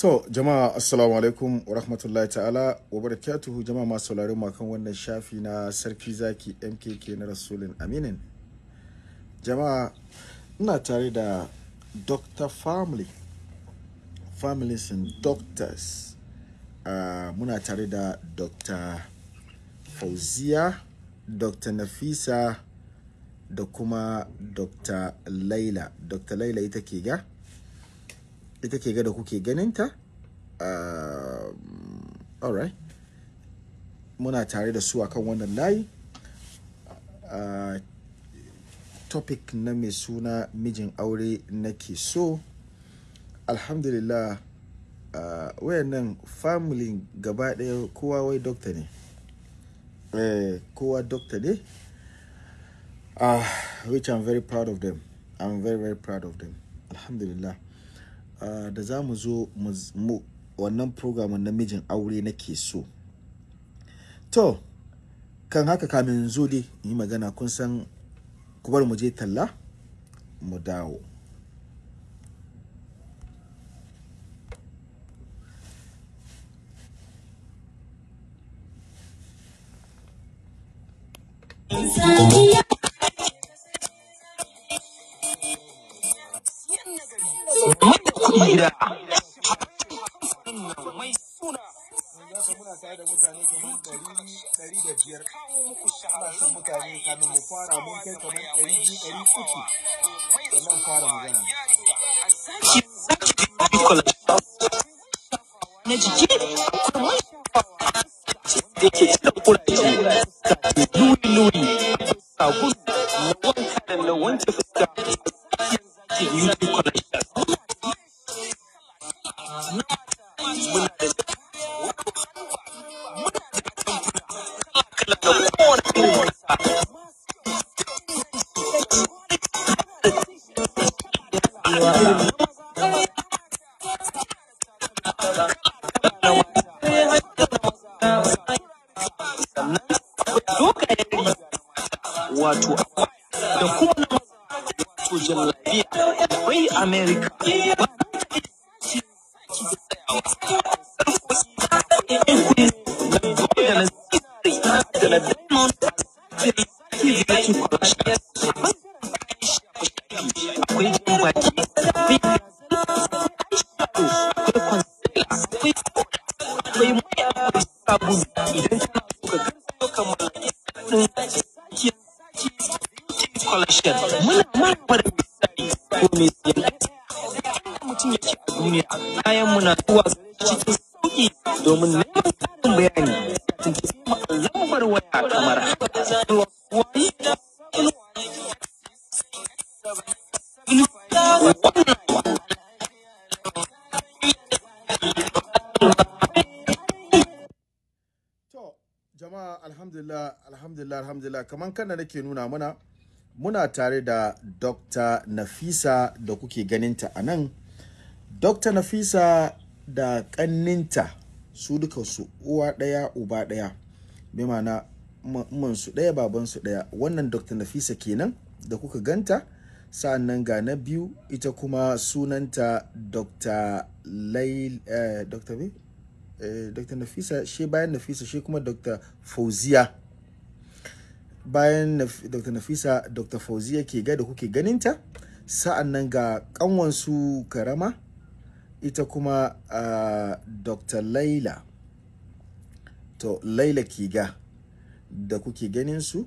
To jama'a assalamu alaikum wa rahmatullahi ta'ala wa barakatuhu jama'a masu saurari mu kan wannan shafi na sarki zaki MKK na Rasulun Aminin. Jama'a ina tare da Dr. Family Families and Doctors uh, muna tare da Dr. Fauziya Dr. Nafisa da kuma Dr. Laila. Dr. Laila ita ke ga? ita ke ga da kuke ganinta uh, um, alright muna tare da su akan wannan layi uh, topic na mai suna mijin aure nake so alhamdulillah uh, wayannan family gaba ɗaya kowa wai dokta ne eh, kowa dokta ne uh, which i'm very proud of them i'm very very proud of them alhamdulillah da za mu zo wannan program na mijin aure nake so to kan haka kamin zo dai yi magana kun san kubar muje mu je talla mu dawo you. a duniya bayan na zuwa cikin sauki domin neman samun bayani tuntu sama lambar waya kamar jama'a alhamdulillah alhamdulillah alhamdulillah kaman kan nake nuna mana muna tare da dr nafisa da kuke ganinta a nan Dr. Nafisa da ƙanninta su duka su uwa daya uba ɗaya bi ma'ana su ɗaya babansu daya wannan Dr. Nafisa kenan da kuka ganta sa'annan ga na biyu ita kuma sunanta Dr. Lail eh, Dr. B? Dr. Nafisa shi bayan Nafisa shi kuma Dr. Fauziya bayan Dr. Nafisa Dr. Fauziya ke ga da kuke ganinta sa'annan ga kanwansu Karama ita kuma uh, dr laila to laila kiga da kuke ganin su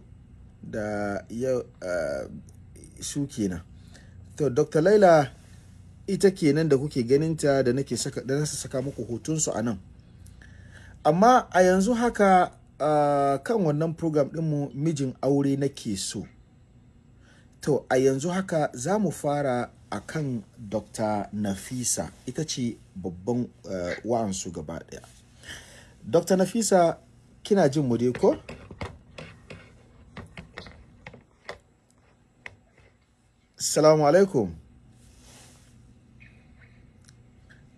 da ya uh, su kenan to dr laila ita kenan da kuke ganinta da nake saka da nasa saka muku hotunsu a nan amma a yanzu haka uh, kan wannan program mu mijin aure nake so to a yanzu haka za mu fara akan dr nafisa ita ce babban uh, wa'ansu gaba daya dr nafisa kina jin mu dai ko salamu alaikum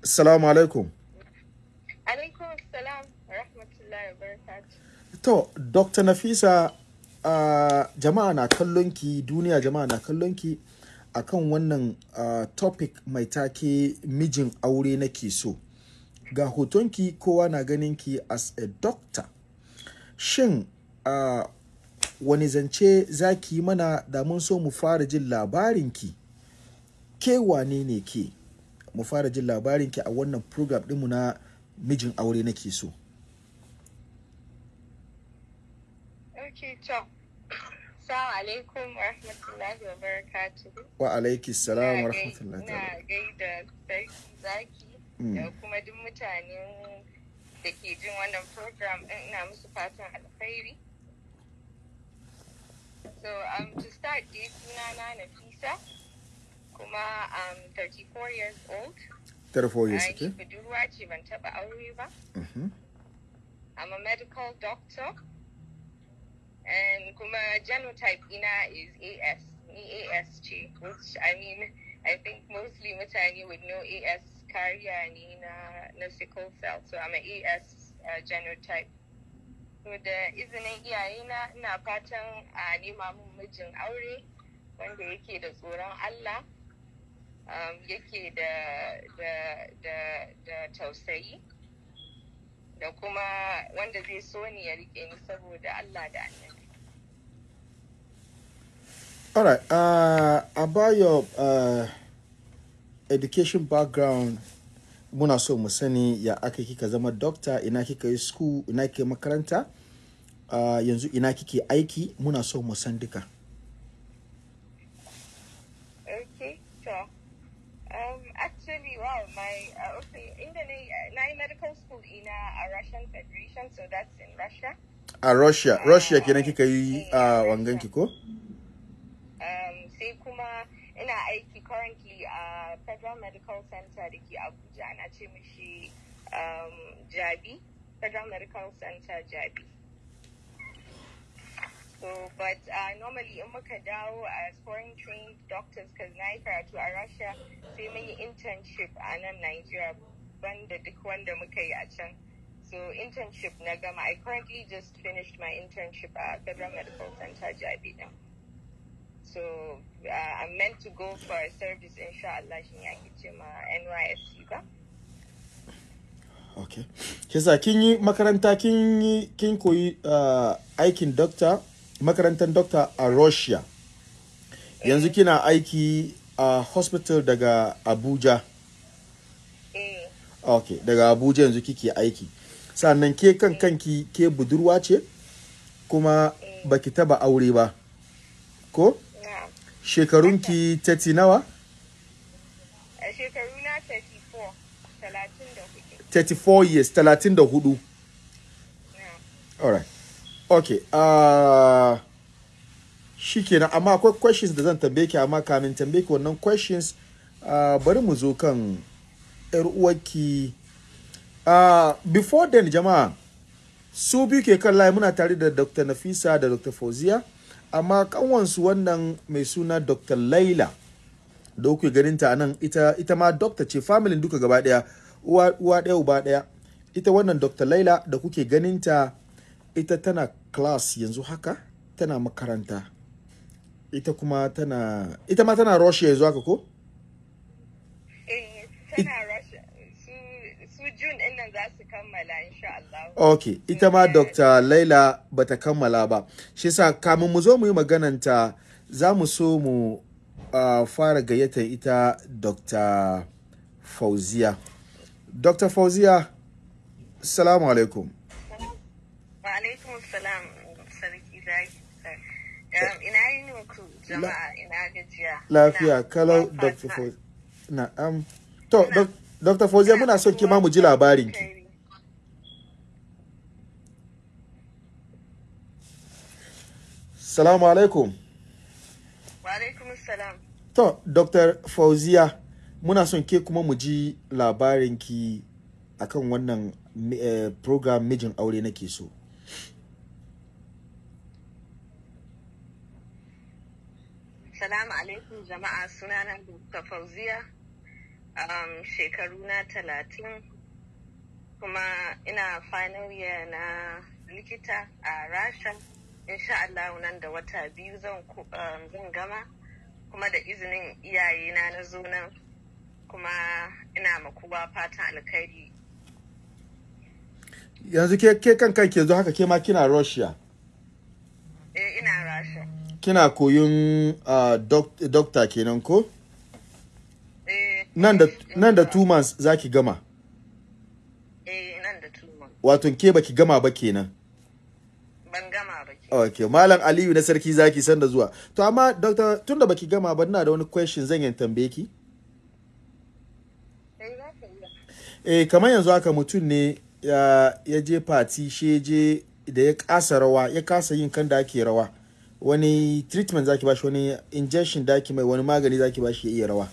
salamu alaikum alaikum salam rahmatullahi barakatuh to dr nafisa uh, jama'a na kallonki duniya jama'a na kallonki akan wannan uh, topic mai take mijin aure nake so ga hotonki kowa na ganin ki as a doctor shin uh, wani zance za ki yi mana da mun so mu fara jin labarinki ke wane ne ke mu fara jin labarinki a wannan program mu na mijin aure nake so Assalamu alaikum wa rahmatullahi wa barakatuhu. Wa alaiki salam wa rahmatullahi Na gaida sarki zaki hmm. da kuma duk mutanen da ke jin wannan program ɗin ina musu fatan alkhairi. So I'm um, to start na sunana Fisa kuma um, 34 years old. 34 years okay. Ni budurwa ce ban taɓa aure ba. Mm-hmm. I'm a medical doctor. and kuma genotype ina is AS, me AS which I mean, I think mostly mutane would know AS carrier ne na, na sickle cell, so I'm an AS uh, genotype. So da izinin iyayena ina fatan a nema mun mijin aure wanda yake da tsoron Allah um, yake da, da, da, da tausayi. da kuma wanda zai so ni ya rike ni saboda Allah da annabi All right. Uh, about your uh, education background, muna so mu sani ya aka kika zama doctor, ina kika yi school, ina kika makaranta, uh, yanzu ina kike aiki, muna so mu san duka. Okay, so, um, actually, wow, my, uh, okay, my medical school ina uh, a Russian Federation, so that's in Russia. A Russia, uh, Russia can I kick a wangan ki Um, say kuma in a aiki currently a Federal Medical Center the ke Abuja, and Achimishi, um, Jabi, Federal Medical Center Jabi. So, but uh, normally in Makadao, as foreign trained doctors, because Naika to a Russia, sai many yi internship a nan Nigeria da duk wanda muka yi a can so internship na gama i currently just finished my internship at federal medical center jabi din so uh, i'm meant to go for a service Allah, shi ne ake ce ma nysc ba okay kisa kin yi makaranta kin yi kin koyi uh, aikin doctor makarantar doctor a russia yanzu eh. kina aiki a uh, hospital daga abuja ok daga abuja yanzu kike aiki sannan ke kan kanki ke budurwa ce kuma baki taba aure ba ko shekarunki 30 nawa shekaruna 34 34 years 34 alright ok uh, shikenan amma akwai questions da zan tambaye ki amma kamin tambaye ki wannan questions uh, bari mu zo kan 'yar uwarki uh, before then jama'a su biyu ke kan layi muna tare da dr nafisa da dr fauziya amma kanwansu wannan mai suna dr laila da kuke ganin ta nan ita, ita ma dokta ce familin duka gaba daya uwa daya uba daya ita wannan dr laila da kuke ganin ta ita tana class yanzu haka tana makaranta ita kuma tana ita ma tana russia yanzu haka ko eh tana kammala insha Allah. Okay, ita ma Dr. Laila bata kammala ba. Shi sa kamun mu zo mu yi magananta za mu so mu uh, fara gayyata ita Dr. Fauziya. Dr. Fauziya, salamu alaikum. Wa alaikum salam sarki um, Ina yi muku jama'a ina gajiya. Lafiya, kalau Dr. Fauziya. Na'am. To, Dr. Fauziya muna son kima mu ji labarinki. salamu alaikum wa alaikum salam to dr fauziya muna son ke kuma mu ji labarinki akan wannan eh, program mijin aure na ke so Salamu alaikum jama'a sunana Dr. Fauziya um, shekaru na talatin kuma ina final year na likita a Rasha insha Allah nan da wata biyu zan um, gama kuma da izinin iyayena na na nan kuma ina makuwa fatan alkhairi yanzu ke ke kan kai ke zo haka ke ma kina Russia eh ina Russia kina koyon uh, dokta kenan ko eh nan da eh, two months za ki gama eh nan da two months wato ke baki gama ba kenan ok malam aliyu na sarki zaki san da zuwa to amma doctor tun da baki gama ba ina da wani question zan yi tambaye ki eh, eh kamar yanzu haka mutum ne ya je fati she je da ya kasa rawa ya kasa yin kan da ake rawa wani treatment zaki bashi wani injection da ake mai wani magani zaki bashi ya iya rawa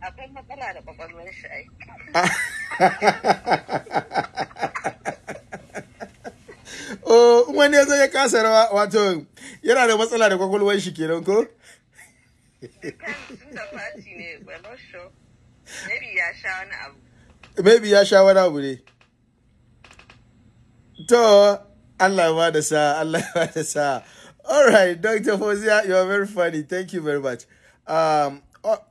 akwai matsala da kwakwalwar shi ai oh wani yazo ya kasa rawa wato yana da matsala da kwakwalwar shi kenan ko maybe ya sha wani abu ne to Allah ba da sa Allah ba da sa all right Dr. Fozia you are very funny thank you very much um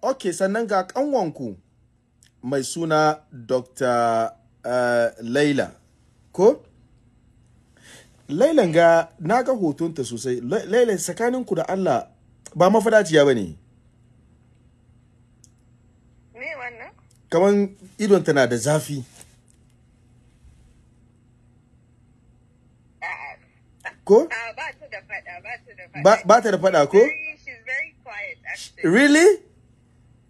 okay sannan ga kanwanku mai suna Dr. Uh, Laila ko lailan ga na ga hotonta sosai lailan tsakanin ku da Allah ba mafadaciya ba ne kaman idonta na da zafi ko? ba ta da fada ko? really?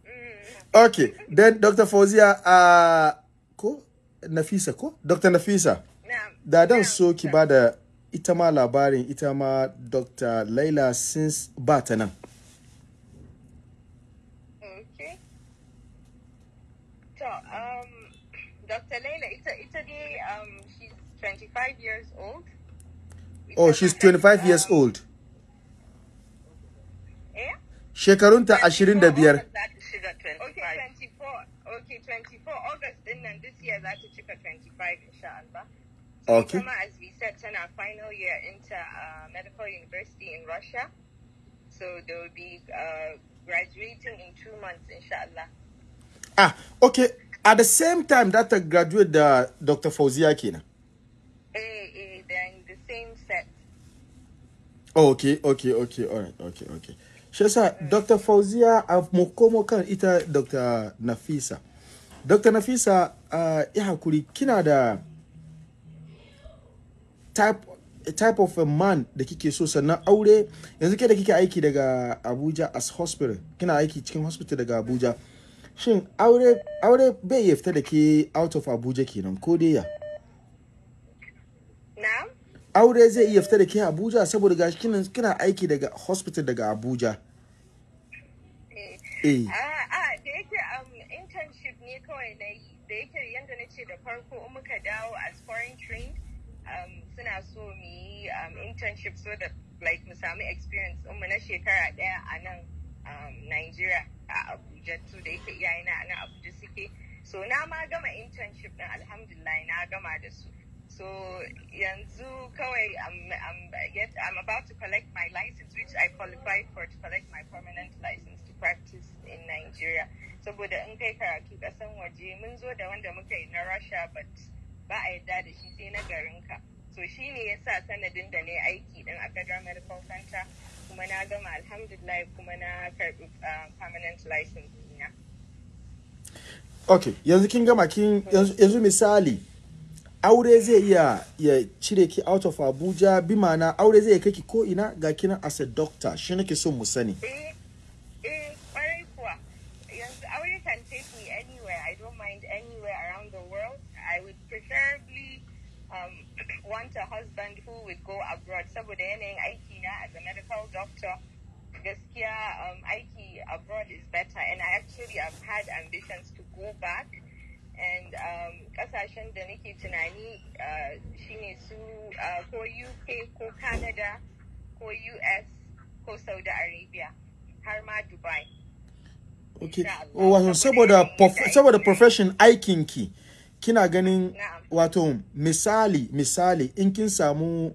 Mm. okay then dr fauziya a ah, ko nafisa ko dr nafisa da dan so ki ba da ita ma labarin ita ma dr laila sins ba ta nan okay. um, Dr. Leila, ita, ita dai um, she's 25 years old. Ita oh, she's 25 um, years old. Eh? Shekarunta 25. Okay, 24. Okay, 24 August din nan this year za ta cika 25 insha Allah. Okay. Summer, as we said, turn our final year into uh, medical university in Russia. So they will be uh, graduating in two months, inshallah. Ah, okay. At the same time that I graduate Dr. Fauzia Kina. Eh, eh, they're in the same set. Oh, okay, okay, okay, all right, okay, okay. Shesa, mm. Dr. Fauzia amukomo uh, kan ita Dr. Nafisa. Dr. Nafisa, uh, ya hakuri kina da type type of a man da kike so sannan aure yanzu ke da kike aiki daga abuja as hospital kina aiki cikin hospital daga abuja shin aure aure bai iya fita da ke out of abuja kenan ko dai ya aure zai iya fita da ke abuja saboda gashi kina kina aiki daga hospital daga abuja eh eh a ah, ah, da yake um, internship ne kawai na yi da yake yanda nace da farko in muka dawo as foreign trained Um, suna so mu yi um, internship so da like mu sami experience mu na shekara daya a nan um, Nigeria a Abuja to da yake iyayena a nan Abuja suke so na ma gama internship din alhamdulillah na gama da su so yanzu kawai I'm, I'm, yet, I'm about to collect my license which I qualify for to collect my permanent license to practice in Nigeria saboda in kai karatu kasan waje mun zo da wanda muka yi na Russia but ba a yadda da shi sai na garin ka to shi ne ya sa sanadin da na yi aiki din a federal medical center kuma na gama alhamdulillah kuma na karɓi permanent license dina ok yanzu kin gama kin yanzu misali aure zai iya ya cire ki out of abuja bi ma'ana aure zai kai ki ko ina ga kinan as a doctor shi nake son mu sani eh um, want a husband who would go abroad saboda yanayin aiki na as a medical doctor gaskiya um, aiki abroad is better and I actually have had ambitions to go back and um, kasashen da nake tunani shi uh, shine su uh, ko UK ko Canada ko US ko Saudi Arabia har ma Dubai. Okay, wato saboda profession aikinki. ki. kina ganin wato misali misali in kin samu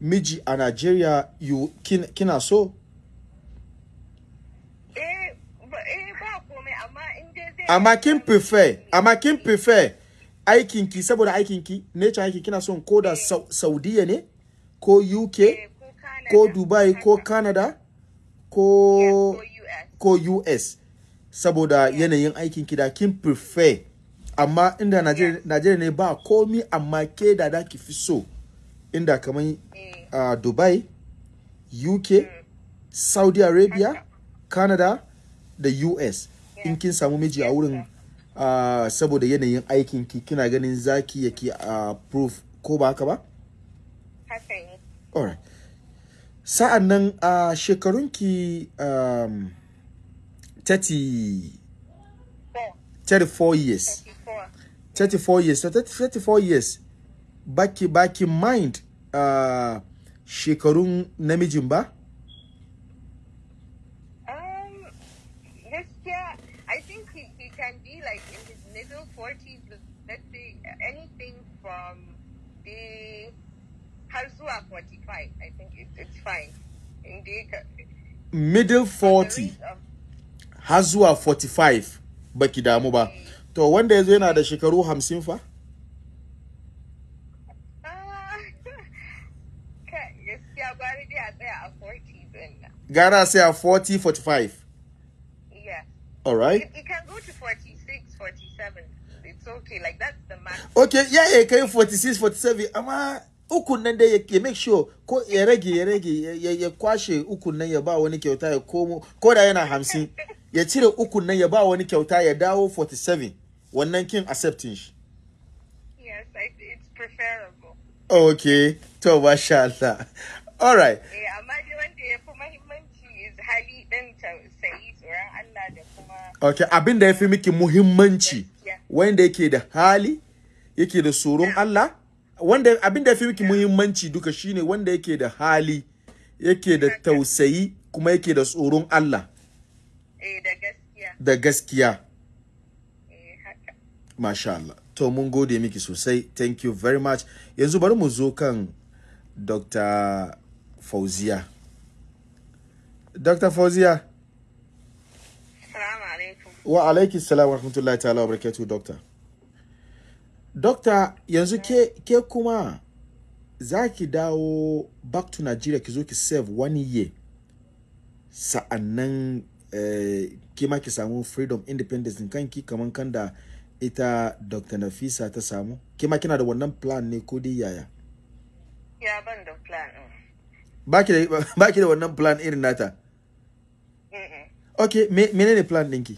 miji a Najeriya kina so? Eh, eh, amma kin prefer amma kin prefer aikinki saboda aikinki nature aikin kina son ko da eh. saudiya ne ko uk ko dubai ko canada ko ko us saboda yanayin aikin ki da kin prefer amma inda Najeriya ne ba komi amma ke da da ki fi so inda kamar uh, eh. ah, Dubai, UK, hmm. Saudi Arabia, Canada da US in kin samu miji a wurin ah, saboda yanayin aikin ki kina ganin zaki yake uh, ah, proof ko ba haka ba? Haka Sa'an nan a uh, shekarunki um, 34 years. 34 years so 34 years baki baki mind uh, shekarun namijin ba um, i think he, can be like in middle 40s har zuwa 45 i think baki damu ba mm. to wanda ya zo yana da shekaru hamsin fa ah, gara sai a 40 45 yeah all you, can go to it's okay like that's the max okay yeah yeah kai 46 47 amma ukun nan dai ya make sure ko ya rage ya rage ya kwashe ukun nan ya ba wani kyauta ya komo ko da yana hamsin ya cire ukun nan ya ba wani kyauta ya dawo 47 wannan kin accepting shi yes I, it's preferable okay to sha Allah all right eh amma dai wanda ya fi muhimmanci is hali din tausayi tsoron Allah da kuma okay abin da ya fi miki muhimmanci wanda yake da hali yake da tsoron Allah wanda abin da ya fi miki muhimmanci duka shine wanda yake da hali yake da tausayi kuma yake da tsoron Allah eh da gaskiya da gaskiya Masha Allah. To mun gode miki sosai. Thank you very much. Yanzu bari mu zo kan Dr. Fauziya. Dr. Fauziya. Wa alaiki salam wa rahmatullahi ta'ala wa barakatuhu doctor. Doctor yanzu ke ke kuma ki dawo back to Nigeria ki zo ki serve one year. Sa'annan eh, kima ki samu freedom independence kanki kaman kan da ita dr nafisa ta samu kima kina da wannan plan ne ko dai yaya ya ban da plan baki Ba ki da wannan plan irin nata Ok, mene ne plan ɗinki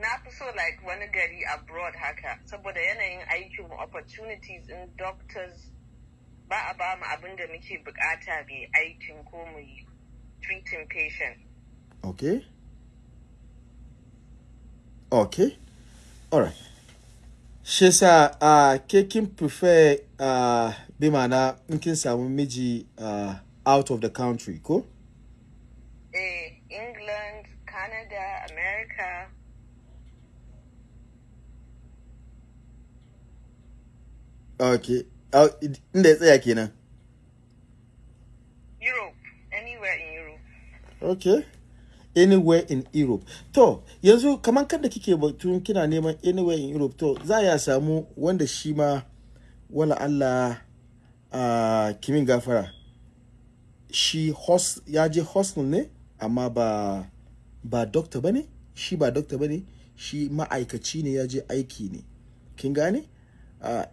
na fi so like wani gari abroad haka saboda yanayin aikin opportunities in doctors ba a ba mu abin da muke bukata bai aikin ko mu yi treating patient okay Ok. Alright. Shi sa a ke kin prefer uh, bi mana in samu miji out of the country ko? Eh, England, Canada, America. Ok. Inda ya tsaya kenan? Europe. Anywhere in Europe. Okay. anywhere in Europe. To, yanzu kamar kanda kike batun kina neman anywhere in Europe to za ya samu wanda shi ma wala Allah a kimin gafara. Shi host ya je hostel ne amma ba ba doctor bane, shi ba doctor bane, shi ma'aikaci ne ya je aiki ne. Kin gane?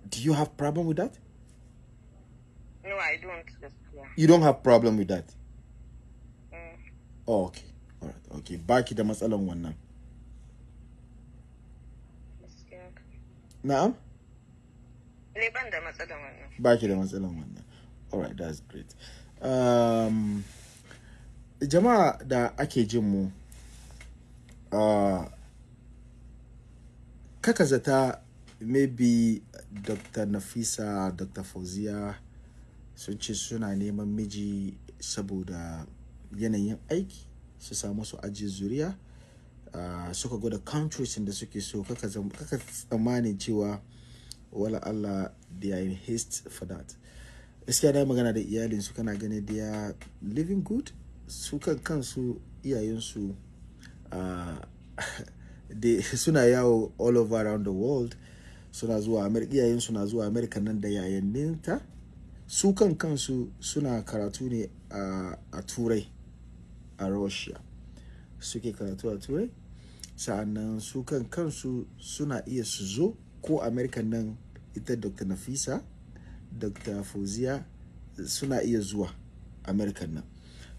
do you have problem with that? No, I don't. You don't have problem with that? Mm. Oh, okay. ok baki da matsalan wannan na'am ne ban da matsalan wannan baki da matsalan wannan alright that's great um, jama'a da ake jin mu uh, kaka zata maybe dr nafisa dr fauziya sun ce suna neman miji saboda yanayin aiki su samu su ajiye zuriya suka gwada countries da suke so kaka tsammanin cewa wala Allah they are in haste for that iskiya da magana da iyalin su kana gani they are living good su kan kansu iyayensu suna yawo all over around the world suna zuwa amerika yayin suna zuwa amerika nan da yayanninta su kan kansu suna karatu ne a turai a russia suke karatu a turai sa'annan su kan kansu suna iya su zo ko america nan ita dr nafisa dr fauziya suna iya zuwa america nan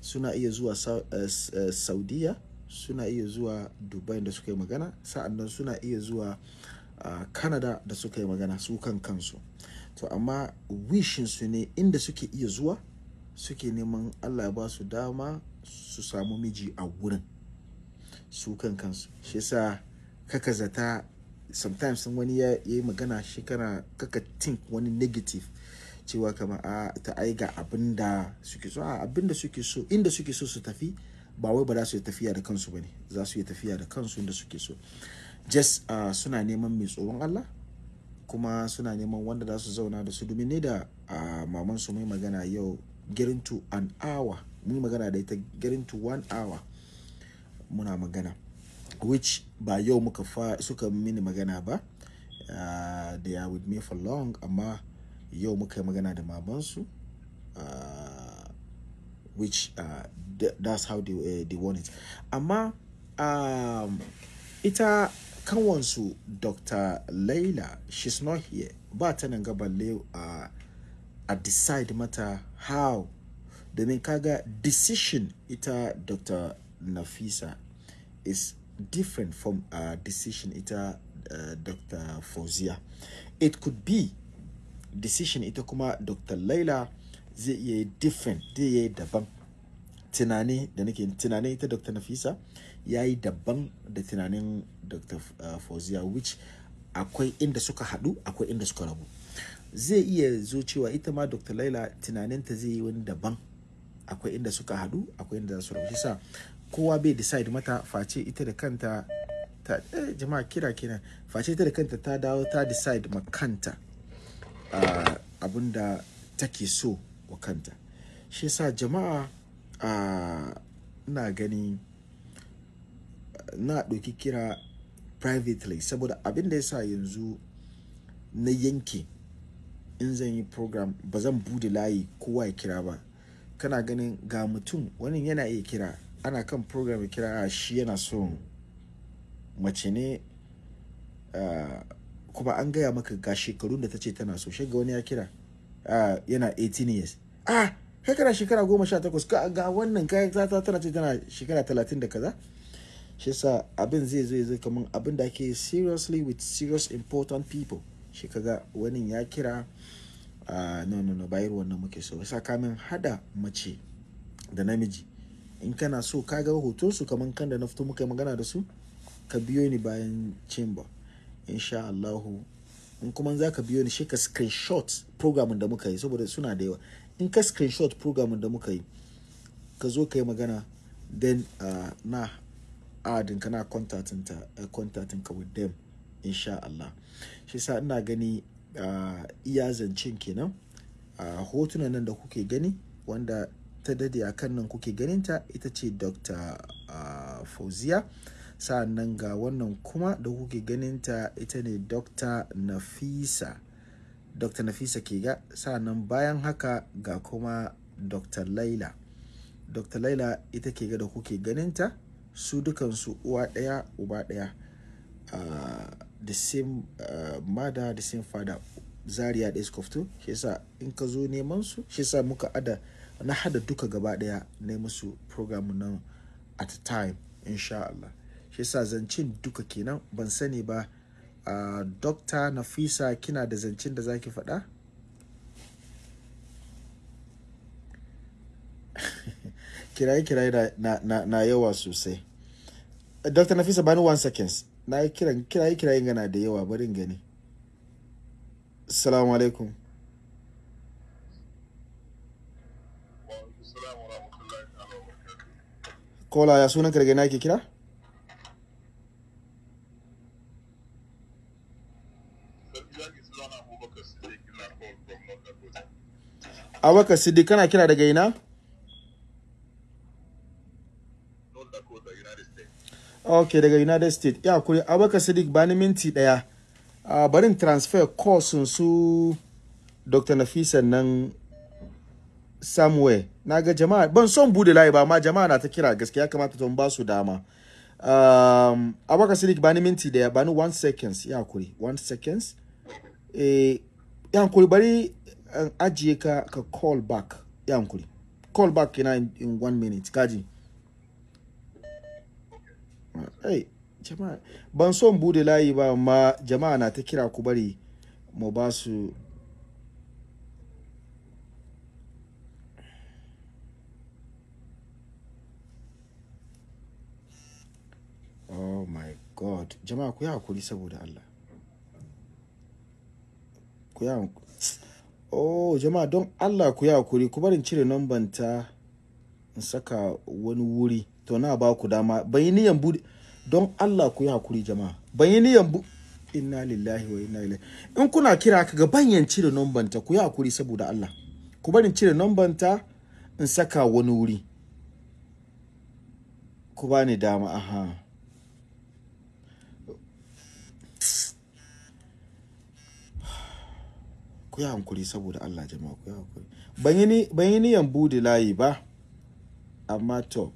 suna iya zuwa eh, eh, saudiya suna iya zuwa dubai da suka yi magana sa'annan suna iya zuwa ah, canada da suka yi magana su kan kansu to amma wishin su ne inda suke iya zuwa suke neman allah ya ba su dama su samu miji a wurin, su kan kansu shi yasa kaka zata sometimes wani ya yi magana shi kana kaka think wani negative cewa kama a ah, ta ai ga suke so ah, a suke so inda suke so su tafi ba wai ba za su yi tafiya da kansu bane za su yi tafiya da kansu inda suke so just ah, suna neman mai tsohon Allah kuma suna neman wanda za su zauna da su domin ne da uh, maman su mai magana yau girin to an hour mun magana da ita getting to one hour muna magana which ba yau muka fa suka mini magana ba uh, they are with me for long amma yau muka yi magana da mamansu uh, which uh, ah, th that's how they, uh, they want it amma um, ita kanwansu dr laila she's not here ba ta nan gaba a decide mata how domin kaga decision ita dr nafisa is different from a uh, decision ita uh, eh, dr fauzia it could be decision ita kuma dr laila zai iya different zai iya daban tunani da nake tunanin ita dr nafisa ya yi daban da tunanin dr uh, eh, fauzia which akwai inda suka haɗu akwai inda suka rabu zai iya zo ita ma dr laila tunaninta zai yi wani daban akwai inda suka hadu akwai inda za su rabu sa kowa bai decide mata face ita da kanta ta eh, jama'a kira kenan face ita da kanta ta dawo ta decide ma kanta uh, ah, abinda take so wa kanta shi sa jama'a ah, ina uh, gani na ɗauki kira privately saboda abin da ya sa yanzu na yanke in zan yi program ba zan bude layi kowa ya kira ba kana ganin ga mutum wani yana iya kira ana kan program ya kira a ah, shi yana son mace ne ah, kuma an gaya maka ga shekarun da ta ce tana so shiga wani ya kira ah, yana 18 years ah kai kana shekara goma sha takwas ga wannan kayan ta tana ce tana shekara talatin da kaza shi sa abin zai zo zai kamar abin da ake seriously with serious important people shi kaga wani ya kira uh, no na bayar wannan muke so yasa kamin hada mace da namiji in kana so ka ga hoton su kaman kan da na fito muka magana da su ka biyo ni bayan chamber insha Allah in kuma za ka biyo ni shi ka screenshot program da muka yi saboda suna da yawa in ka screenshot program da muka yi ka zo ka yi magana then a ah, na adin ka na contacting eh, ka with them insha Allah shi sa ina gani iya zancen kenan a hotunan nan da kuke gani wanda ta dade a kan nan kuke ganinta ita ce dr fauziya sa'annan ga wannan kuma da kuke ganinta ita ne dr nafisa dr nafisa ke ga sa'annan bayan haka ga kuma dr laila dr laila ita ke ga da kuke ganinta su dukansu uwa ɗaya uba ɗaya the same uh, mother the same father zaria da suka fito shi yasa in ka zo neman su shi yasa muka ada na hada duka gaba daya na musu program nan at a time insha Allah shi yasa zancen duka kenan ban sani ba uh, doctor nafisa kina da zancen da zaki faɗa kiraye-kiraye na, na, na yawa sosai dr nafisa bani one seconds na yi kiran kirayi kirayi gana da yawa barin gani assalamu alaikum kola ya sunan karge na ke kira abubakar siddiq kana kira daga ina ok daga united states ya kuri abubakar sadiq bani minti daya uh, barin transfer course su dr nafisa nan samuel na ga jama'a ban son bude layi ba ma jama'a na ta kira gaskiya kamata tun ba su dama um, abubakar sadiq bani minti daya bani one seconds ya kuri one seconds eh, ya kuri bari an ajiye ka ka call back ya kuri call back kina in, in one minute kaji hey, jama'a ban son bude layi ba amma jama'a na ta kira ku bari mu ba su oh my god jama'a ku yi hakuri saboda Allah ku yi hakuri oh jama'a don Allah ku yi hakuri ku barin cire namban ta in saka wani wuri to na ba ku dama bayi niyan bude don Allah ku yi hakuri jama'a ban yi niyan bu inna lillahi wa inna ilaihi in kuna kira ka ga bayan cire numban ta ku yi hakuri saboda Allah ku barin cire numban ta in saka wani wuri ku bani dama aha ku yi hankuri saboda Allah jama'a ku yi hankuri ban yi niyan bude layi ba amma to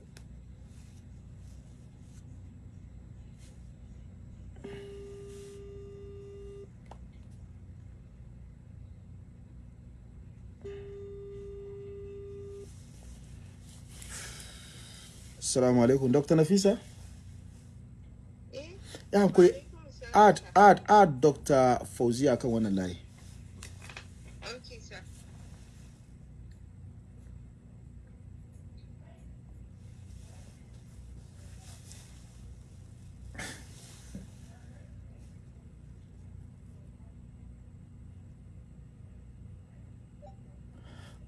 Assalamu alaikum. Dr. Nafisa? Eh, ya hankuri, add, add, add Dr. a kan wannan layi.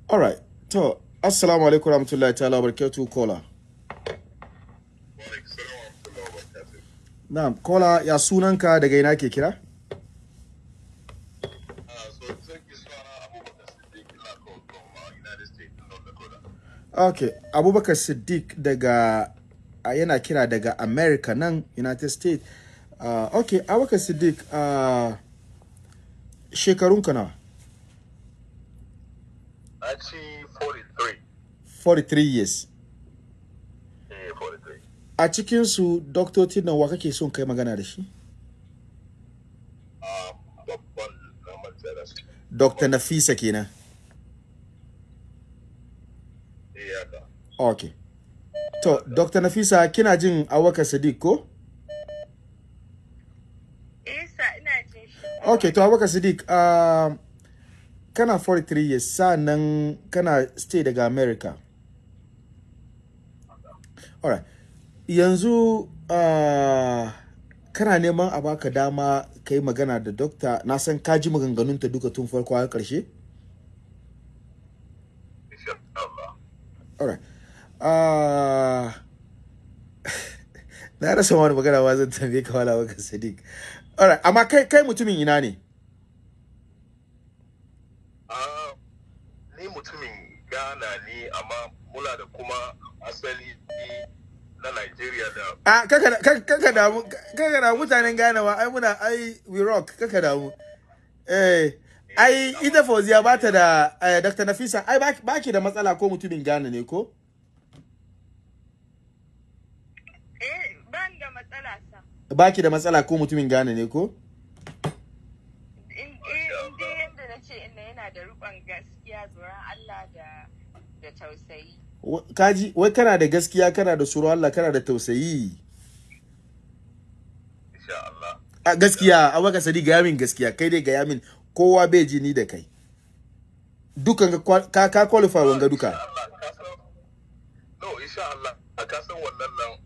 All right. To, assalamu alaikum rahmatullahi ta'ala barakatuh kola. na'am kola ya sunanka daga ina ke kira ah, uh, ok abubakar siddiq daga yana kira daga america nan united states uh, ok abubakar siddiq uh, shekarunka nawa 43 years a cikinsu doktocin nan wa kake son kai magana da shi dr nafisa kenan eh, ok to dr nafisa kina jin awaka sadiq ko eh, ok to awaka sadiq uh, ah, kana 43 years sa'annan kana stay daga america alright yanzu uh, kana neman a baka dama ka yi magana da dokta na san ka ji ta duka tun farko har karshe? Alright. Uh, na rasa wani magana ma zan tambaye ka wala baka sadiq. Alright, amma kai kai mutumin ina ne? ni mutumin Ghana ne amma mula da kuma asali na Nigeria da ah, a kaka kaka damu kaka da mutanen Ghana ma ai muna ai we rock kaka damu eh ai ita Fauziya ba ta da eh, Dr. Nafisa ai ba ki da matsala ko mutumin Ghana ne ko eh, ba ki da matsala ko mutumin gane ne ko yadda na ce yana da gaskiya zuwa allah da tausayi kaji wai kana da gaskiya kana da suru Allah kana da tausayi a gaskiya a waka sadi ga yamin gaskiya kai dai ga yamin kowa bai ji ni da kai dukan ka ka qualify wanga duka no insha Allah wannan nan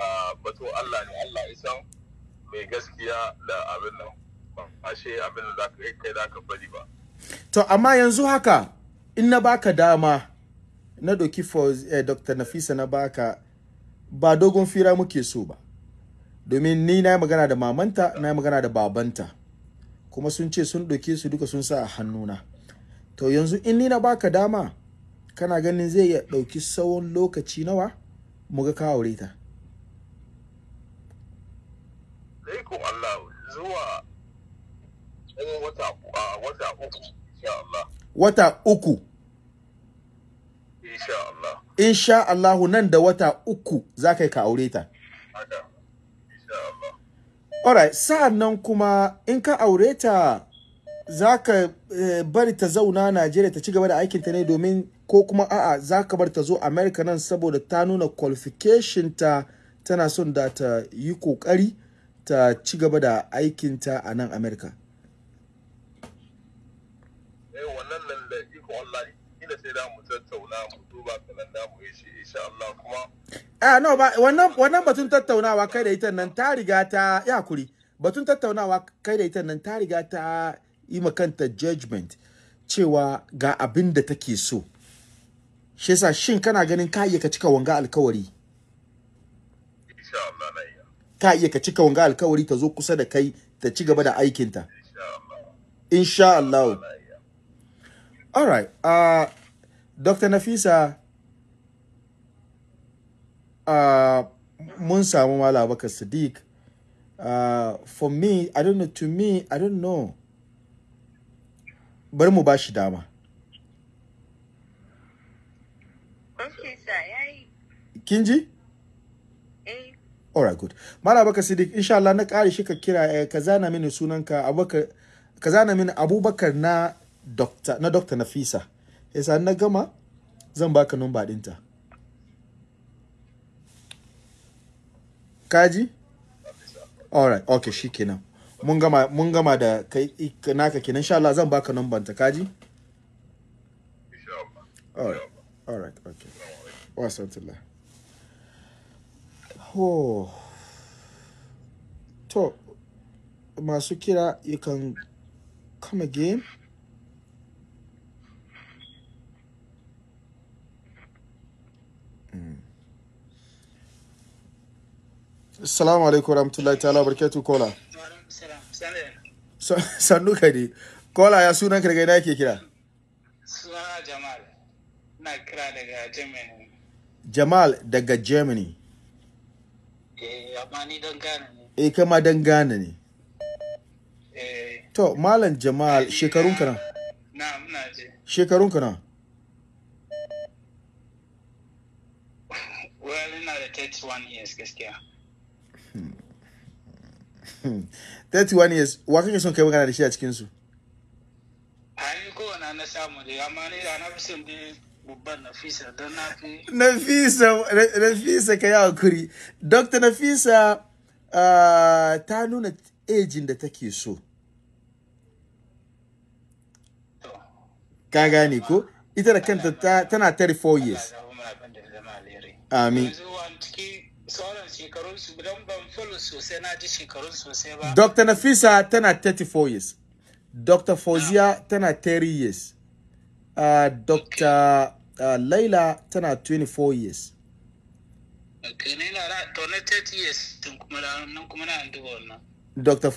a Allah ne Allah mai gaskiya da abin nan ashe abin da kai bari ba to amma yanzu haka in na baka dama na doki eh, dr nafisa na baka ba dogon fira muke so ba domin ni na magana da mamanta na magana da babanta kuma sun ce sun doke su duka sun sa a hannuna to yanzu in ni na baka dama kana ganin zai ya ɗauki tsawon lokaci nawa mu ga ka aure ta alaikum Allah zuwa ah, wata uku wata uku insha Allahu nan da wata uku za ka yi ka aure ta. Alright, sa'an nan kuma in ka aure ta za ka eh, bari ta zauna Najeriya ta ci gaba da aikinta ne domin ko kuma a'a za ka bar ta zo America nan saboda ta nuna qualification ta tana son da ta yi kokari ta ci gaba da aikinta a nan America. Eh wannan lalle iko Allah ina sai da mu tattauna mu duba sannan da mu shi insha Allah kuma a no ba wannan wannan batun tattaunawa kai da ita nan ta riga ta ya kuri batun tattaunawa kai da ita nan ta riga ta yi makanta judgment cewa ga abin da take so shi yasa shin kana ganin ka iya ka cika wanga alkawari ka iya ka cika wanga alkawari ta zo kusa da kai ta ci gaba da aikinta insha Allah insha Allah all right uh, Dr. Nafisa uh, mun samu Mala Abakar Sadiq. Uh, for me, I don't know, to me, I don't know. Bari mu ba shi dama. Kin ji? Eh. All right, good. Mala Abakar Sadiq, insha Allah na ƙare shi ka kira eh, ka zana mini sunanka, ka zana mini Abubakar na Dr. na Dr. Nafisa. yasa na gama zan baka numba dinta kaji alright okay kenan mun gama mun gama da kai naka kenan insha Allah zan baka numban ta kaji insha Allah alright alright okay wa sallallahu oh to masu kira you can come again Assalamu alaikum rahmatullahi ta'ala barkatu kola. Sannu ka ne. Kola ya sunan ka daga ina ke kira? Suna Jamal. Na kira daga Germany. Jamal daga Germany. Eh, amma ni don Ghana ne. Eh, kama don Ghana ne. Eh. To, Malam Jamal, eh, shekarun ka na? Na, muna je. Shekarun ka na? Well, ina da 31 years gaskiya. 31 years wa kake son kai magana da shi a cikin su ai kowane na samu da amma ne ana fi son dai babban nafisa don na fi nafisa nafisa kai hakuri dr nafisa ah, ta nuna ejin da take so ka gane ko ita da kanta tana 34 years amin cikin sauran shekarun su don ban follow sosai na ji shekarun sosai ba Dr. Nafisa tana 34 years Dr. Fozia ah. tana 30 years uh, Dr. Uh, Laila tana 24 years Okay, ni na to na 30 years tun kuma da nan kuma na duba wannan Dr.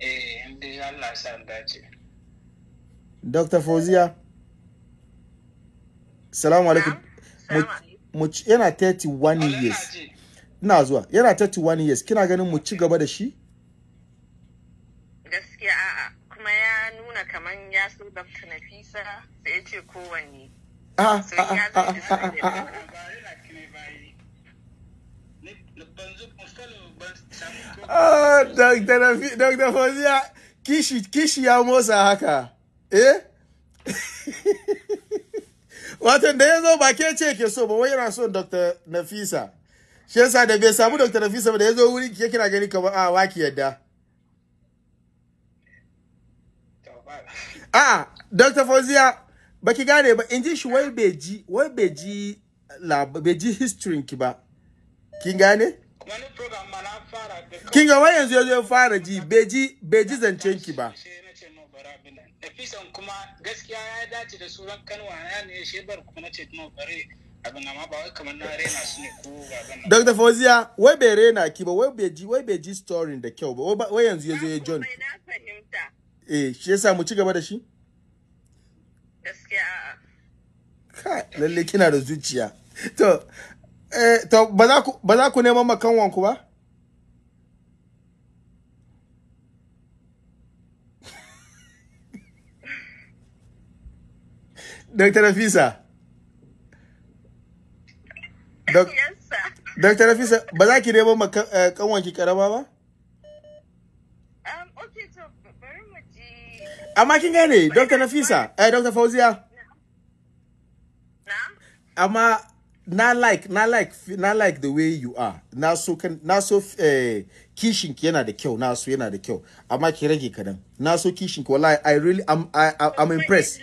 eh Allah dace Dr. alaikum. yana 31 years ina zuwa yana 31 years kina ganin mu ci gaba da shi gaskiya a'a kuma ya nuna kaman ya so Dr. Nafisa da ya ce kowanne ah, Dr. Fozia, kishi, kishi ya motsa haka. Eh? wato da ya zo ba ke ce ke so ba wai yana son dr nafisa shi yasa da bai samu dr nafisa ba da ya zo wuri ke kina gani kamar a ah, waki yadda a ah, dr fauziya ba ki gane ba in ji shi wai bai ji wai bai ji bai ji history ki ba kin gane kin ga wai yanzu ya zo ya fara ji bai ji zancen ki ba nafisan kuma gaskiya ya dace da suran kanwa na ne shebar kuma na ce kuma bare abin amma ba wai kamar na rena su ne ko gaban Dr. Fozia wai bai rena ki ba wai bai ji wai bai ji story da kyau ba wai yanzu yazo ya John Eh shi yasa mu ci gaba da shi Gaskiya Ka lalle kina da zuciya to eh to ba za ku ba za ku neman makanwan ku ba Dr. Nafisa. Dr. Nafisa, ba za ki nemo ma eh, ki karama ba? Um, Amma kin gane, Dr. Nafisa, eh Dr. Fauziya. Amma na like, na like, na like the way you are. Na so kan na so eh kishin ki yana da kyau, na so yana da kyau. Amma ki rage kadan. Na so kishin ki wallahi I really am I, I, I'm impressed.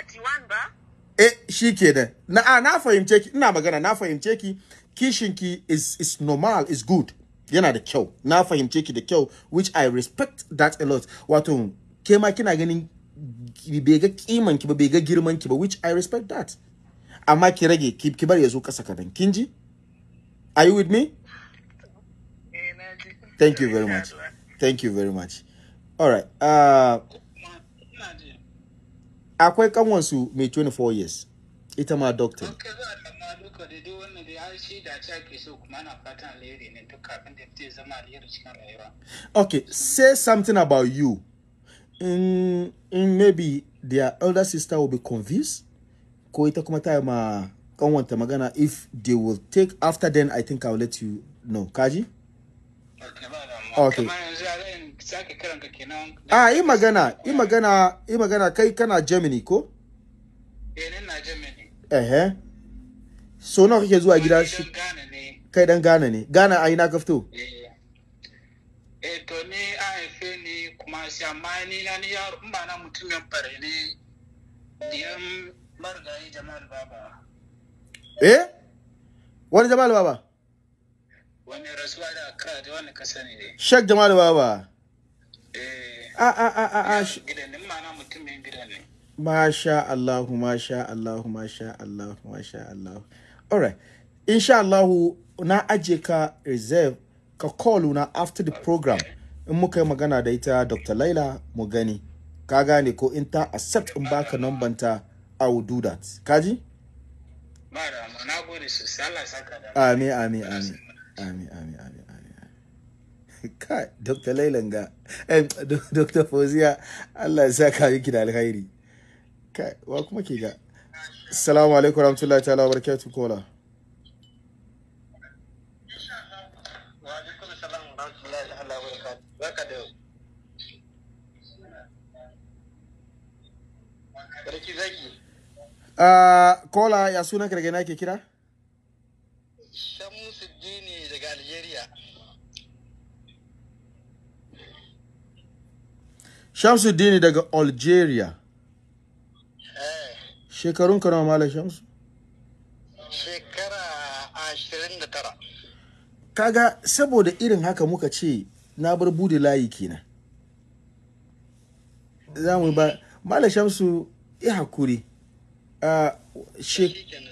31 ba? Eh, shi ke da. Na, a, ah, na fahimce ki, ina magana, na fahimce ki, kishinki is, is normal, is good. Yana da kyau, na fahimce ki da kyau, which I respect that a lot. Wato, ke ma kina ganin bai ga kiman ki ba, bai ga girman ki ba, which I respect that. Amma ki rage, ki, ki bar ya zo kasa kadan. Kin ji? Are you with me? Eh, Thank you very much. Thank you very much. All right. Uh, akwai kanwansu mai 24 years ita ma doctor okay, da wannan da ya shi da ta ke so kuma ne duk da zama cikin rayuwa. Okay, say something about you. In, in maybe their elder sister will be convinced ko ita kuma ta ma kanwanta magana if they will take after then I think I will let you know. Kaji? Okay, ba da Okay. sake kenan a ah, yi magana yi magana yi magana kai kana Germany ko benin eh, na Germany eh so nawa kake zuwa gida shi kai dan gana ne Ghana a na ka fito eh, eh to ni a haife ni kuma shi amma ni na ni yaro in ba na mutumin bare ne diyan marigayi jamal baba eh wani jamal baba wani rasuwa da kada da wani kasa ne dai shek jama'ar baba a a a a a masha Allah masha Allah masha Allah masha Allah alright insha Allah na aje ka reserve ka call na after the program in muka yi magana da ita Dr. Laila mu gani ka gane ko in ta accept in baka number ta I will do that kaji Amin, amin, amin, amin, amin, amin. kai dr lailan ga eh, dr fauziya allah ya saka miki da alkhairi kai wa kuma ke ga assalamu alaikum warahmatullahi ta'ala barakatuh kola Uh, kola ya sunan kirgina ke kira? shamsu dini daga Algeria. Eh. Shekarun ka nawa Malam Shamsu? Shekara ashirin da tara. Kaga saboda irin haka muka ce na bar bude layi kina. Za mu ba Malam Shamsu ya ah, hakuri.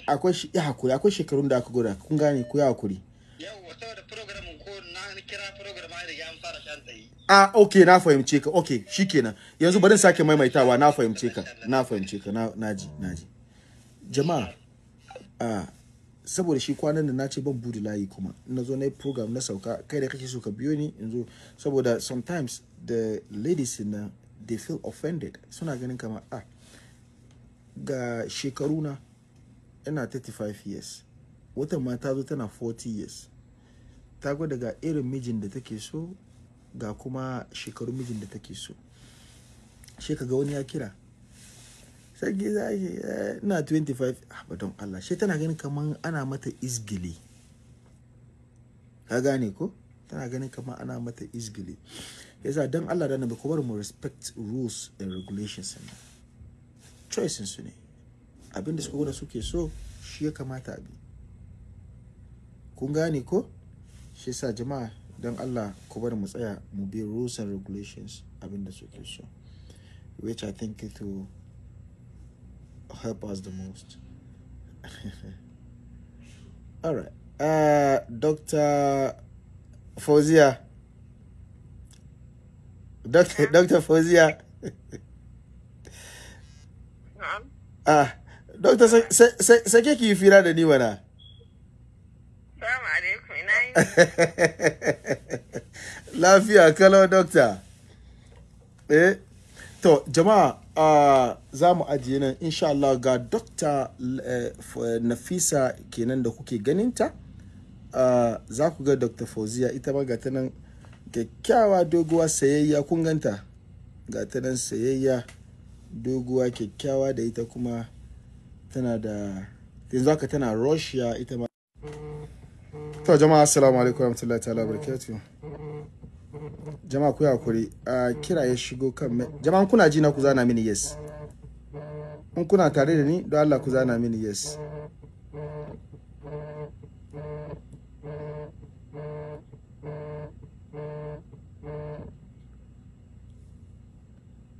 akwai shekarun da aka gura, kun gane ku ya hakuri. Yau wasu da program ko na kira program da ya fara shan tsayi. ah okay na fahimce ka okay shikenan yanzu bari sake maimaitawa na fahimce ka na fahimce ka na ji na ji jama'a ah saboda shi kwanan da na ce ban budi layi kuma na zo na yi program na sauka kai da kake so ka biyo ni in zo saboda sometimes the ladies na they feel offended suna ganin kama ah ga shekaru na ina 35 years ma ta zo tana 40 years ta gwada ga irin mijin da take so ga kuma shekaru mijin da take so shi ga wani ya kira sarki za a eh, ina 25 a ah, don Allah shi tana ganin kamar ana mata izgili ka gane ko tana ganin kamar ana mata izgili yasa don Allah da nabi kuma mu respect rules and regulations ne choices su ne abin da suka gwada suke so shi ya kamata abi kun gane ko shi yasa jama'a Then allah ku bari mu tsaya mu bi rules and regulations abinda suke so which i think it will help us the most all right uh, dr fozia dr dr fozia ah dr se se sai ke ki fira da ni wana lafiya kalau dokta eh to jama'a uh, za mu ajiye nan insha Allah ga dokta uh, eh, nafisa kenan da kuke ganinta uh, za ku ga dokta fauziya ita ma gata nan kyakkyawa doguwa sayayya kun ganta gata nan sayayya doguwa kyakkyawa da ita kuma tana da yanzu haka tana russia ita ma to jama'a assalamu alaikum warahmatullahi ta'ala barakatuh jama'a ku hakuri a kira ya shigo kan jama'a kuna ji na ku zana mini yes in kuna tare da ni don Allah ku zana mini yes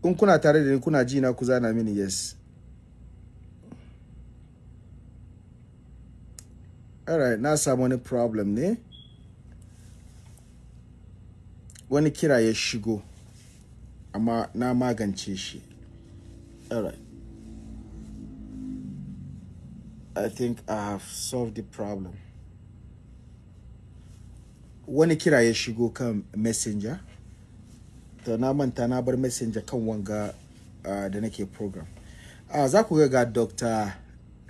in kuna tare da ni kuna ji na ku zana mini yes Alright, nasa wani problem ne? Wani kira ya shigo, amma na magance shi. Alright. I think I have solved the problem. Wani kira ya shigo kan messenger, to na manta na bar messenger kan wanga uh, da nake program. Uh, za ku ga Dr.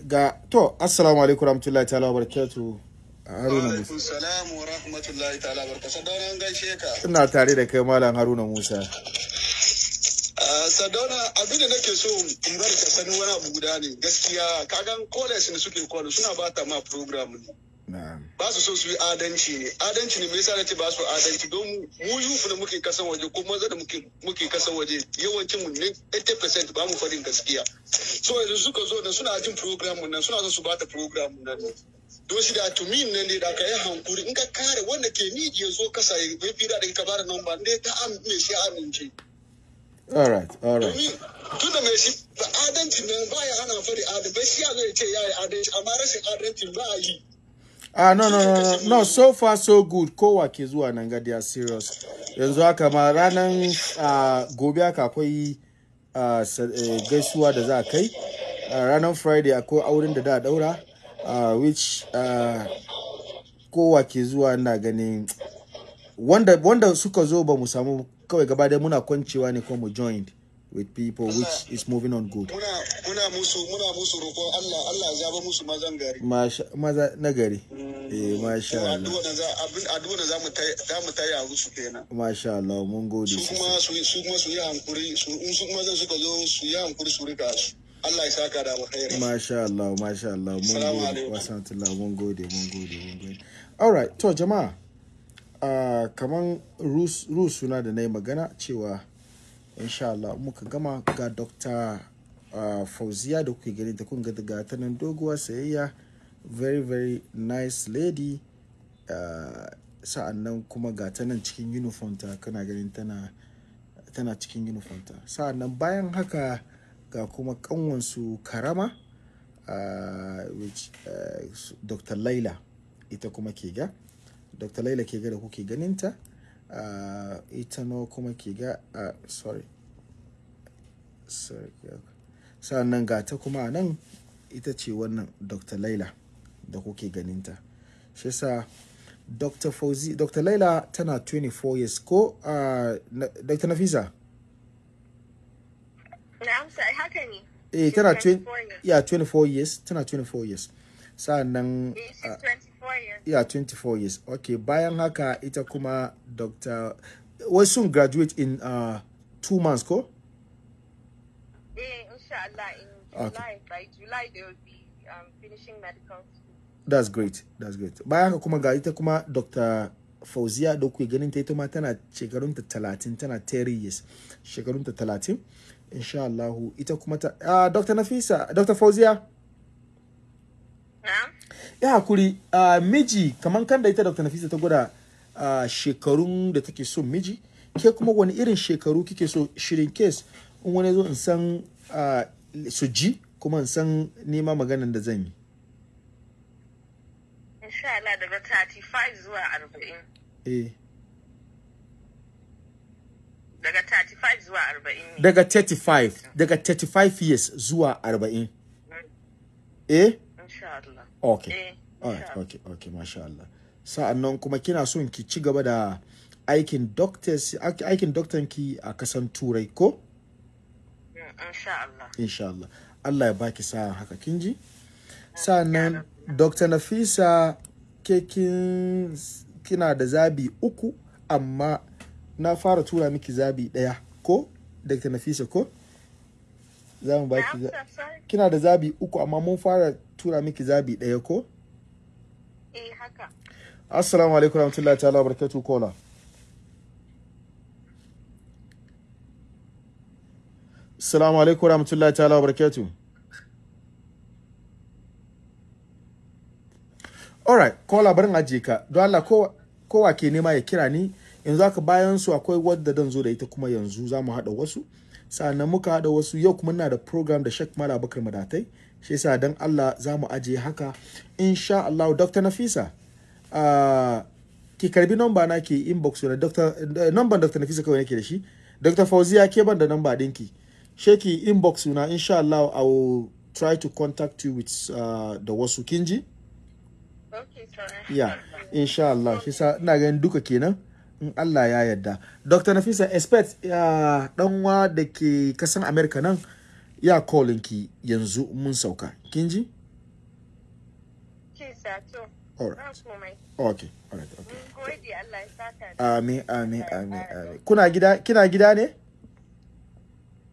ga to assalamu alaikum rahmatullahi ta'ala wa barakatuh Haruna Musa. Salamu wa rahmatullahi ta'ala barka. Sadauna an gaishe ka. Ina tare da kai Malam Haruna Musa. Ah, Sadauna abin da nake so in bar ka sani wani abu guda ne gaskiya kagan college ne suke kwalo suna bata ma program ne. ba su so su yi adanci ne adanci ne mai yasa ba su adanci don mu yufu da muke kasan waje ko maza da muke kasan waje yawancin mu ne 80% ba mu farin gaskiya so yanzu suka zo da suna jin program mun nan suna so su bata program mun nan don shi da tumin nan ne da ka yi hankuri in ka kare wanda ke ni ya zo kasa ya bai fira da ka bara number ne ta me shi amince alright alright tun da mai shi adanci nan ba ya hana fari adalci shi ya ya ce ya yi adanci amma rashin adanci ba a yi Ah, no, no, no, no, no, so far so good. Kowa ke zuwa nan and they are serious. Yanzu haka ma ranar uh, ah, gobe haka akwai ah, eh, gaisuwa da za a kai. Ah, ranan ranar Friday akwai auren da da daura uh, which kowa ke zuwa na ganin wanda, suka zo ba mu samu kawai gaba dai muna kwancewa ne kuma mu joined. with people which is moving on good muna muna musu muna musu roƙon Allah Allah ya zaba musu mazan gari masha maza na gari mm. eh masha Allah addu'a da za abin addu'a za mu ta zamu ta yaro su kenan masha Allah mun gode su kuma su su kuma su yi hankuri su in su kuma zan suka zo su yi hankuri su rika su Allah ya saka da alkhairi masha Allah masha Allah mun gode wa sanatullah mun gode mun gode mun gode all right to jama'a uh, kaman rus, rusuna da na yi magana cewa sha Allah muka gama ga Dr. Ah, Fauziya da kuke ganin ta kunga daga ta nan doguwa sayayya very very nice lady ah, sa'an nan kuma ga ta nan cikin uniform ta kana ganin tana cikin uniform ta sa'an nan bayan haka ga kuma kanwansu karama ah, which Dr. Laila ita kuma ke ga Dr. Laila ke ga da kuke ganin ta uh, nawa kuma ke ga uh, sorry sannan gata kuma a nan ita ce wannan dr laila da kuke ganinta shi sa dr fauzi dr laila tana 24 years ko uh, na, dr nafisa na'am haka ne eh tana 24 years tana 24 years Sa'annan. Eh, years. Yeah, 24 years. Okay, bayan haka ita kuma Dr. Wai sun graduate in uh, two months ko? Eh, insha Allah in July. Okay. By July they will be um, finishing medical school. That's great. That's great. Bayan haka kuma ga ita kuma Dr. Fauziya da kuke ganin ta ita ma tana shekarunta 30 tana 30 years. Shekarunta 30. Insha Allah ita kuma ta uh, ah, Dr. Nafisa, Dr. Fauziya. ya hakuri uh, miji kamar kan da ita dr nafisa ta gwada uh, shekarun da take so miji ke kuma wani irin shekaru kike so shirin kes in wani zo in san uh, su ji kuma in san nema maganan da zan yi daga 35 zuwa 40 eh. daga 35 zuwa 40 years zuwa 40 mm. eh okay eh, alright okay okay masha Allah sa'annan kuma kina son ki ci gaba da aikin doctors aikin doctor ki a kasan turai ko insha Allah insha Allah Allah ya baki sa'a haka kin ji sa'annan Dr. Nafisa ke kin kina da zabi uku amma na fara tura miki zabi daya ko Dr. Nafisa ko za mu baki kina da zabi uku amma mun fara tura miki zabi ɗaya ko? eh haka assalamu alaikum warahmatullahi ta'ala barakatu kola assalamu alaikum warahmatullahi ta'ala All alright kola barin ajiye ka don Allah kowa ke nema ya kira ni yanzu aka bayan su akwai wadda dan zo da ita kuma yanzu za mu haɗa wasu sannan muka haɗa wasu yau kuma na da program da Sheikh Mala Bakar Madatai shi yasa dan Allah za mu ajiye haka insha Allah Dr. Nafisa uh, ki karbi number na ki inbox na Dr. Eh, number Dr. Nafisa kawai nake da shi Dr. Fauziya ke ban da din ki sheki inbox na insha Allah I will try to contact you with uh, da wasu kinji okay, yeah insha Allah shi sa ina ganin duka kenan in Allah ya yarda Dr. Nafisa expert ya wa da ke kasan America nan ya kolin ki yanzu mun sauka kin ji Amin, amin, amin, amin. Kuna gida, kina gida ne?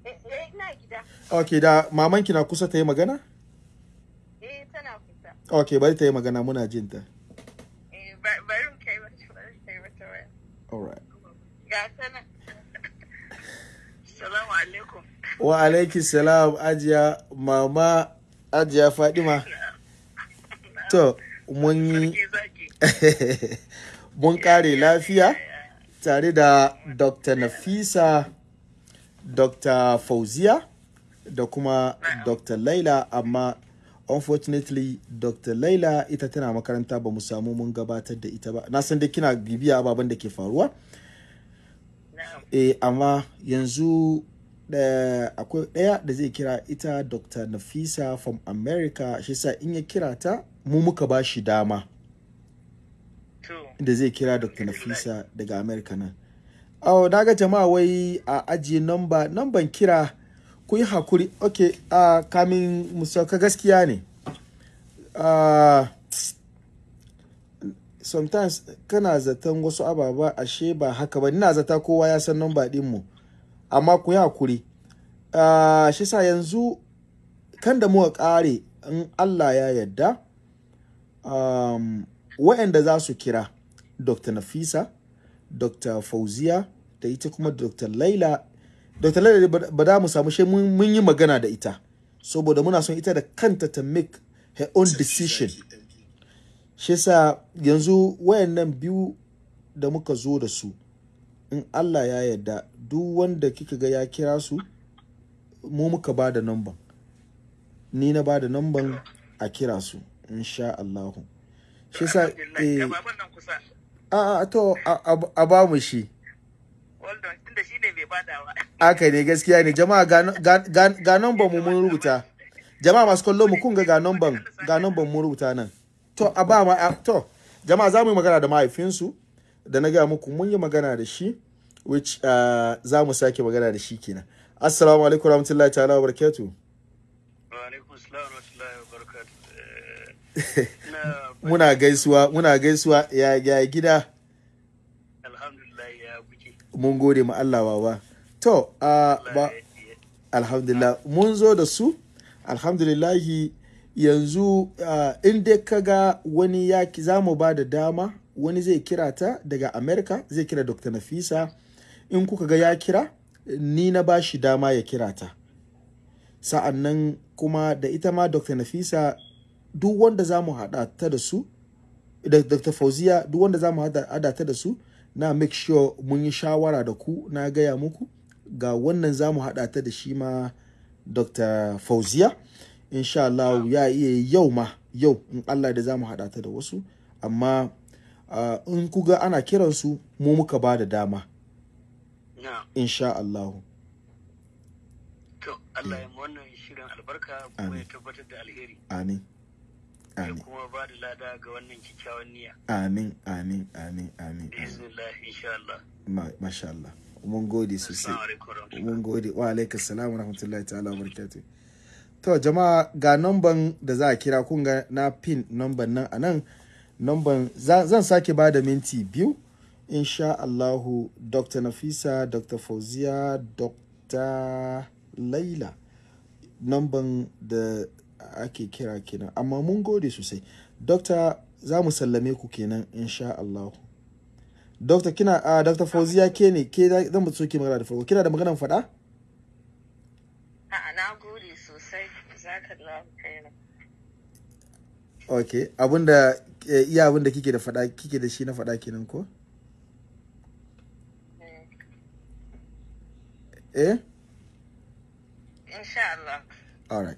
Eh, eh, ok, da mamanki na kusa ta yi magana? Eh, tana kusa. Ok, bari ta yi magana muna jinta. Eh, all right Salamu alaikum. Wa alaiki salam ajiya mama ajiya Fadima. To, mun yi mun kare lafiya tare da Dr. Nafisa, Dr. Fauziya da kuma Dr. Laila amma unfortunately dr laila ita tana makaranta ba mu samu mun gabatar da ita ba na san dai kina bibiya ababen da ke faruwa eh amma yanzu eh, akwai ɗaya da zai kira ita dr nafisa from america shi sa in ya kira ta mu muka ba shi dama da zai kira dr nafisa daga america nan oh na ga jama'a wai a ajiye namba namban kira ku yi hakuri ok a kamin musauka gaskiya ne sometimes kana zaton wasu ababa ashe ba haka ba ina zata kowa ya san ɗin mu amma ku yi hakuri uh, shi sa yanzu kan da muka ƙare in allah ya yadda wa'anda waɗanda za su kira dr nafisa dr fauziya da ita kuma dr laila dr lada ba da mu samu shi mun yi magana da ita saboda muna son ita da kanta ta make her own decision shi sa yanzu wayannan biyu da muka zo da su in allah ya yarda duk wanda kika ga ya kira su mu muka ba da number ni na ba da number a kira su insha allahu shi sa eh, a to a ba mu shi oldon tunda shi ne mai badawa haka ne gaskiya ne jama'a ga nomban mu mun rubuta jama'a masu kallo mu kun ga ga nomban ga nomban mun rubuta nan to a ba ma to jama'a za mu yi magana da mahaifinsu da na gaya muku mun yi magana da shi which uh, za mu sake magana da shi kenan assalamu alaikum warahmatullahi ta'ala wa barakatuh eh, muna gaisuwa muna gaisuwa ya gida mun gode ma Allah ba. to ba alhamdulillah mun zo da su alhamdulillah, yanzu in dai kaga wani ya za mu ba da dama wani zai kira ta daga Amerika, zai kira dr nafisa in kuka ga ya kira ni na ba shi dama ya kira ta sa'an nan kuma da ita ma dr nafisa duk wanda za mu haɗa ta da su dr fauziya duk wanda za mu haɗa ta da su na make sure mun yi shawara da ku na gaya muku ga wannan za mu haɗa ta da shi ma dr fauziya insha Allah ya iya yau ma yau in Allah da za mu haɗa ta da wasu amma in ku kuga ana kiransu mu muka ba da dama insha Allah Allah ya eh. wannan shirin albarka kuma ya tabbatar da alheri amin ya kuma ba da lada ga wannan kyakkyawan niyya amin amin amin amin bismillah insha Allah masha Allah mun gode sosai mun gode wa alaikum salam wa rahmatullahi ta'ala wa to jama'a ga namban da za a kira kun ga na pin namban nan anan namban zan sake ba da minti biyu insha Allahu Dr. Nafisa Dr. Fauziya Dr. Laila namban da ake kira kenan amma mun gode sosai dokta za mu sallame ku kenan insha Allah dokta kina a dokta fauziya ke ne ke zan mu soke magana da farko kina da maganan faɗa a'a na gode sosai jazakallahu khairan ok abinda eh, iya abinda kike da fada kike da shi na faɗa kenan ko eh, eh? insha Allah all right